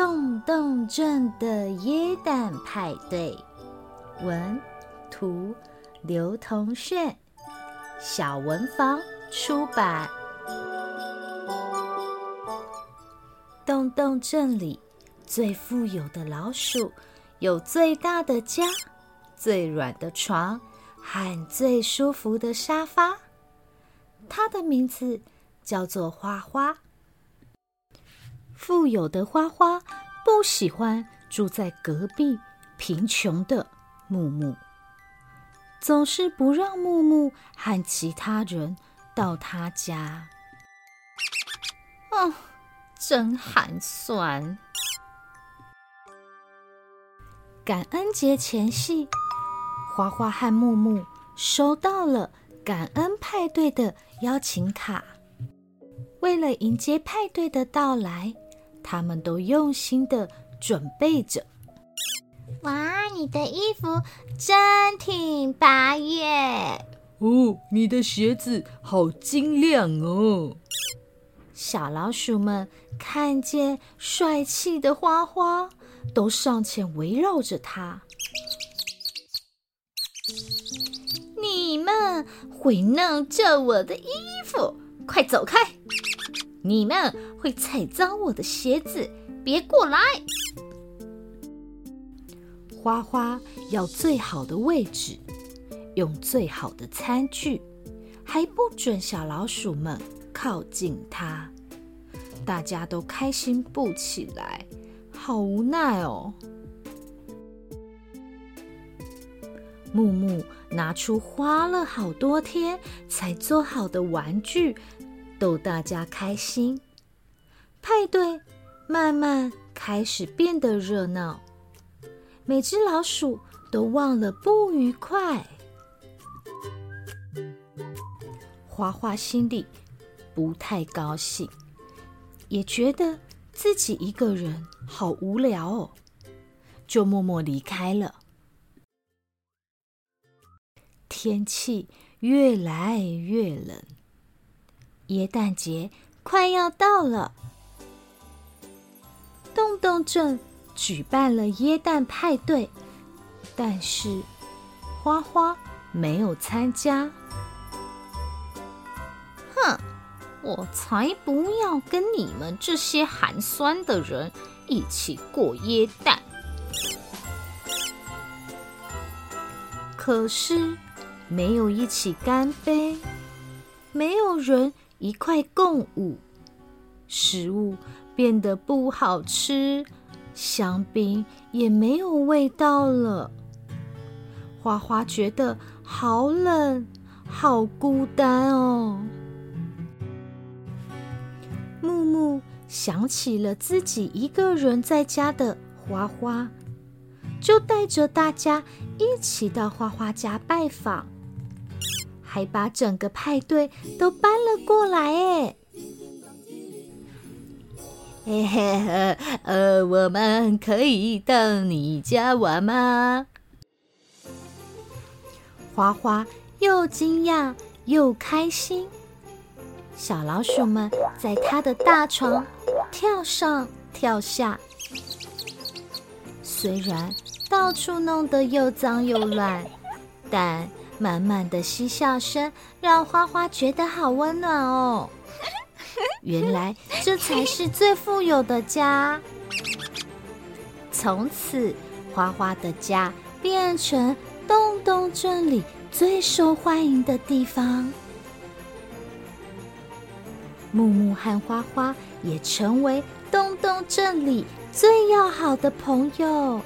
洞洞鎮的耶誕派對，文、圖劉彤渲，小文房出版。洞洞鎮裡最富有的老鼠，有最大的家、最軟的床和最舒服的沙發。它的名字叫做花花。富有的花花。不喜歡住在隔壁貧窮的木木，總是不讓木木和其他人到他家。哦，真寒酸！感恩節前夕，花花和木木收到了感恩派對的邀請卡。為了迎接派對的到來，他們都用心地準備着。哇，你的衣服真挺拔耶！哦，你的鞋子好晶亮哦！小老鼠們看見帥氣的花花，都上前圍繞着他。你們會弄皺我的衣服，快走開！你們會踩髒我的鞋子，別過來！花花要最好的位置，用最好的餐具，還不准小老鼠們靠近它。大家都開心不起來，好無奈哦。木木拿出花了好多天才做好的玩具。逗大家開心，派對慢慢開始變得熱鬧，每隻老鼠都忘了不愉快。花花心裡不太高興，也覺得自己一個人好無聊哦，就默默離開了。天氣越來越冷。耶誕節快要到了，洞洞鎮舉辦了耶誕派對，但是花花沒有參加。「哼，我才不要跟你們這些寒酸的人一起過耶誕！」可是沒有一起乾杯，沒有人。一塊共舞，食物變得不好吃，香檳也沒有味道了。花花覺得好冷，好孤單哦。木木想起了自己一個人在家的花花，就帶着大家一起到花花家拜訪。還把整個派對都搬了過來，哎，嘿、嘿嘿，呃，我們可以到你家玩嗎？花花又驚訝又開心，小老鼠們在他的大床跳上跳下，雖然到處弄得又髒又亂，但。滿滿的嬉笑聲讓花花覺得好溫暖哦。原來這才是最富有的家。從此，花花的家變成洞洞鎮裡最受歡迎的地方。木木和花花也成為洞洞鎮裡最要好的朋友。